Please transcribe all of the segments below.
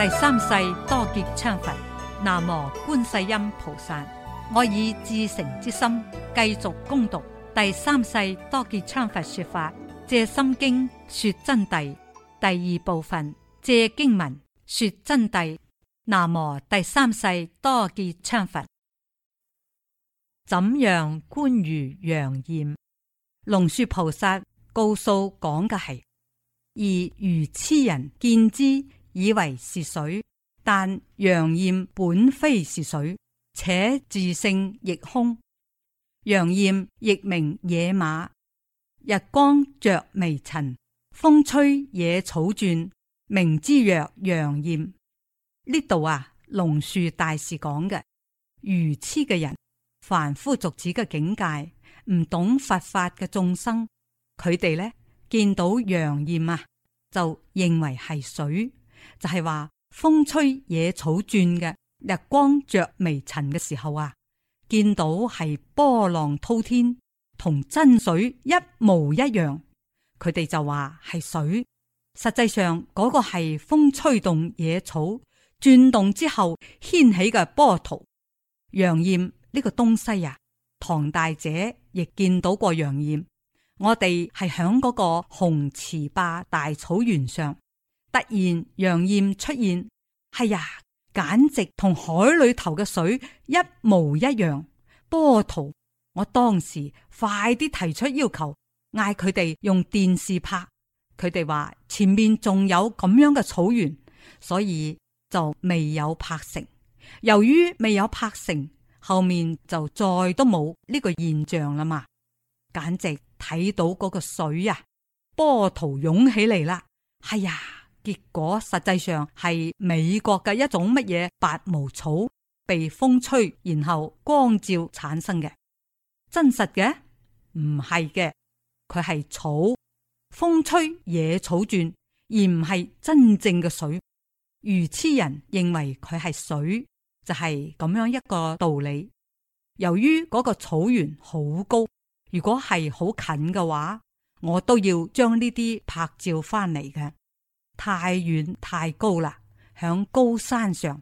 第三世多杰羌佛，南無觀世音菩薩。我以至誠之心繼續恭讀第三世多杰羌佛說法，借心經說真諦第二部分，借經文說真諦。南無第三世多杰羌佛，怎樣觀如陽焰？龍樹菩薩告訴講嘅係而如痴人見之，以為是水，但陽焰本非是水，且自性亦空。陽焰亦名野馬，日光着微塵，風吹野草轉，名之曰陽焰。呢度啊，龍樹大師講嘅愚痴嘅人，凡夫俗子嘅境界，唔懂佛法嘅眾生，佢哋呢，見到陽焰啊，就認為係水。就係話風吹野草轉嘅日光着微塵嘅時候啊，見到係波浪滔天，同真水一模一樣，佢哋就話係水。實際上嗰個係風吹動野草轉動之後掀起嘅波濤。楊艷呢個東西啊，唐大姐亦見到過楊艷。我哋係響嗰個紅池壩大草原上。突然，楊艷出現，係、哎、呀，簡直同海裏頭嘅水一模一樣波濤。我當時快啲提出要求，嗌佢哋用電視拍，佢哋話前面仲有咁樣嘅草原，所以就未有拍成。由於未有拍成，後面就再都冇呢個現象啦嘛。簡直睇到嗰個水啊，波濤湧起嚟啦，係、哎、呀。結果實際上係美國嘅一種乜嘢白毛草被風吹，然後光照產生嘅。真實嘅？唔係嘅，佢係草，風吹野草轉，而唔係真正嘅水。愚痴人認為佢係水，就係咁樣一個道理。由於嗰個草原好高，如果係好近嘅話，我都要將呢啲拍照翻嚟嘅。太遠太高啦，響高山上，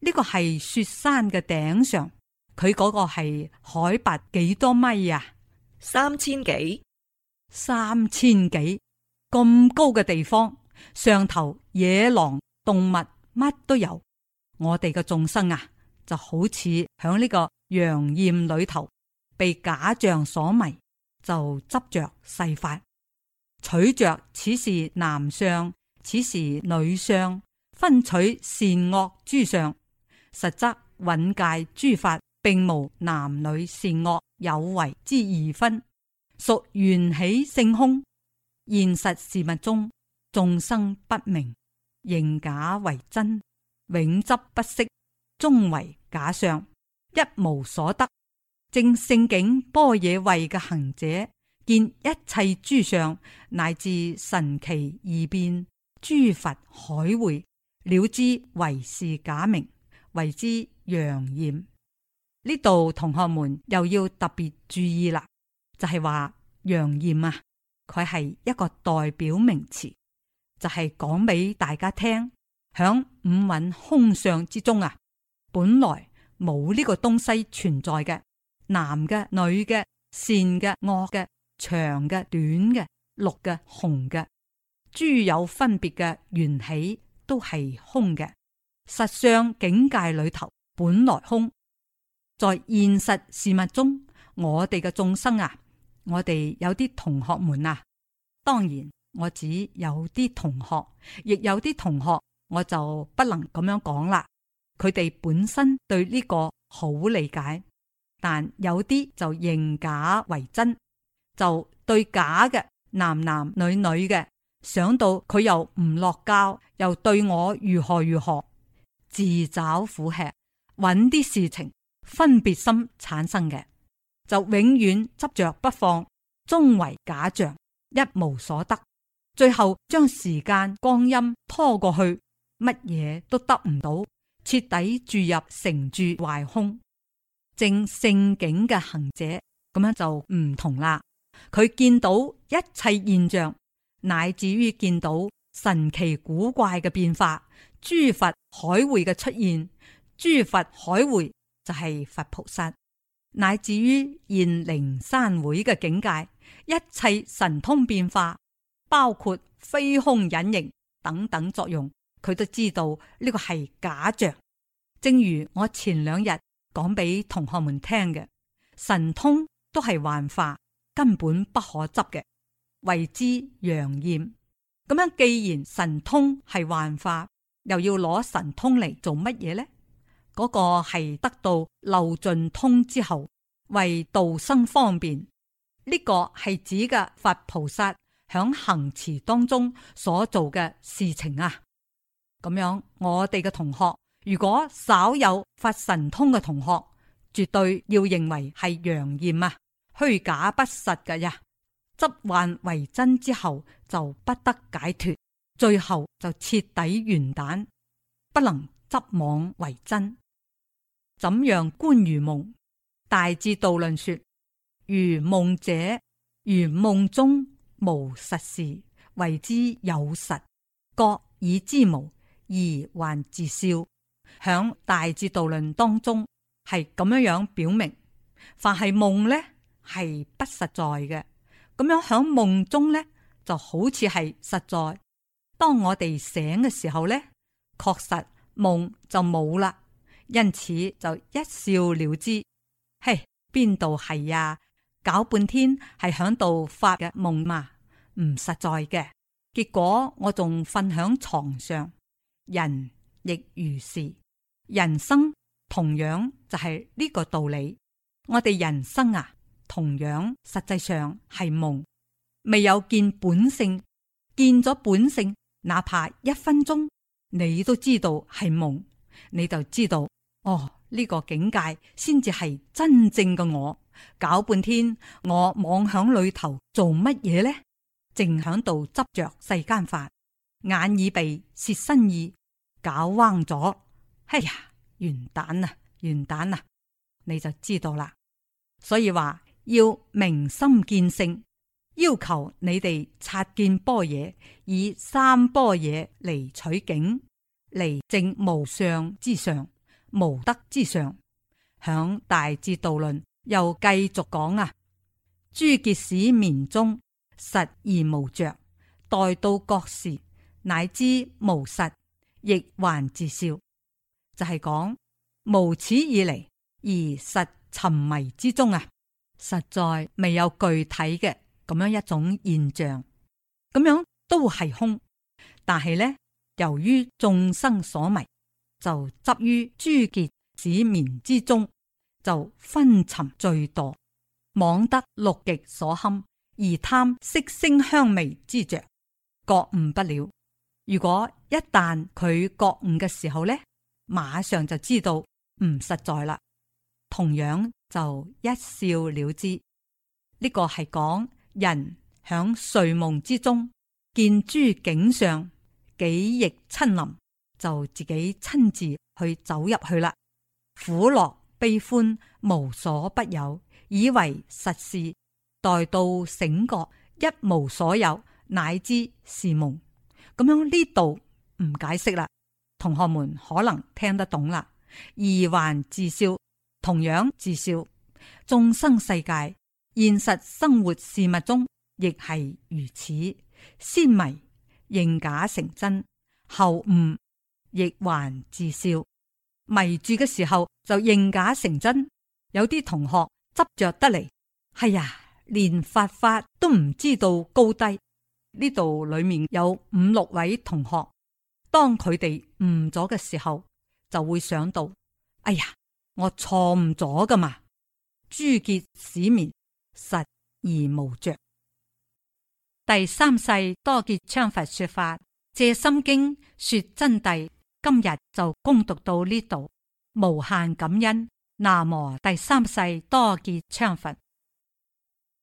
呢個係雪山嘅頂上，佢嗰個係海拔幾多米呀？三千幾，三千幾咁高嘅地方，上頭野狼動物乜都有，我哋嘅眾生啊，就好似響呢個陽焰裏頭被假象所迷，就執着細法，取着此事南上」。此時女相分取善惡諸相，實則蘊界諸法，並無男女善惡有為之二分，屬緣起性空。現實事物中，眾生不明認假為真，永執不息，終為假相，一無所得。正聖境般若位嘅行者見一切諸相乃至神奇異變。諸佛海會了知為是假名，為之陽燄。呢度同學們又要特別注意啦，就係話陽燄啊，佢係一個代表名詞，就係講俾大家聽，響五蘊空相之中啊，本來冇呢個東西存在嘅，男嘅、女嘅、善嘅、惡嘅、長嘅、短嘅、綠嘅、紅嘅。諸有分別嘅緣起都係空嘅，實相境界裏頭本來空。在現實事物中，我哋嘅眾生啊，我哋有啲同學們啊，當然我只有啲同學，亦有啲同學我就不能咁樣講啦。佢哋本身對呢個好理解，但有啲就認假為真，就對假嘅男男女女嘅。想到佢又唔落交，又對我如何如何，自找苦吃，揾啲事情分別心產生嘅，就永遠執着不放，終為假象，一無所得。最後將時間光陰拖過去，乜嘢都得唔到，徹底注入成住壞空，正聖境嘅行者咁樣就唔同啦。佢見到一切現象。乃至於見到神奇古怪嘅變化，諸佛海會嘅出現，諸佛海會就係佛菩薩，乃至於現靈山會嘅境界，一切神通變化，包括飛空隱形等等作用，佢都知道呢個係假象。正如我前兩日講俾同學們聽嘅，神通都係幻化，根本不可執嘅。為之揚艷咁樣，既然神通係幻化，又要攞神通嚟做乜嘢呢？嗰、那個係得到漏盡通之後為道生方便呢、這個係指嘅佛菩薩響行持當中所做嘅事情啊。咁樣，我哋嘅同學如果稍有發神通嘅同學，絕對要認為係揚艷啊，虛假不實嘅呀，啊。執幻為真之後就不得解脫，最後就徹底完蛋，不能執妄為真。怎樣觀如夢？大智度論說：如夢者，如夢中無實事，為之有實，覺已知無而還自笑。響大智度論當中係咁樣樣表明，凡係夢呢，係不實在嘅。咁樣喺夢中呢，就好似係實在。當我哋醒嘅時候呢，確實夢就冇啦。因此就一笑了之。嘿，邊度係呀？搞半天係響度發嘅夢嘛，唔實在嘅。結果我仲瞓響床上，人亦如是。人生同樣就係呢個道理。我哋人生啊。同樣，實際上係夢，未有見本性。見咗本性，哪怕一分鐘，你都知道係夢，你就知道哦。呢、這個境界先至係真正嘅我。搞半天，我妄響裏頭做乜嘢呢？正響度執着世間法，眼耳鼻舌身意搞彎咗。哎呀，完蛋啊，完蛋啊，你就知道啦。所以話。要明心見性，要求你哋察見般若，以三般若嚟取景，嚟證無相之上，無德之上。響大智度論又繼續講啊，諸結使眠中實而無着，待到覺時，乃知無實，亦還自笑。就係、是、講無始以嚟而實沉迷之中啊！實在未有具體嘅咁樣一種現象，咁樣都係空。但係呢，由於眾生所迷，就執於諸結子面之中，就昏沉罪墮，妄得六極所堪，而貪色聲香味之着，覺悟不了。如果一旦佢覺悟嘅時候呢，馬上就知道唔實在啦。同樣。就一笑了之，呢、這個係講人響睡夢之中見諸景相，幾亦親臨，就自己親自去走入去啦。苦樂悲歡無所不有，以為實事，待到醒覺，一無所有，乃知是夢。咁樣呢度唔解釋啦，同學們可能聽得懂啦，二患自笑。同樣自笑，眾生世界、現實生活事物中亦係如此。先迷認假成真，後悟亦還自笑。迷住嘅時候就認假成真，有啲同學執着得嚟，係、哎、呀，連法法都唔知道高低。呢度裏面有五六位同學，當佢哋悟咗嘅時候，就會想到，哎呀。我錯誤咗噶嘛？諸結使滅，實而無着。第三世多杰羌佛說法，藉心經說真諦。今日就恭讀到呢度，無限感恩。南無第三世多杰羌佛。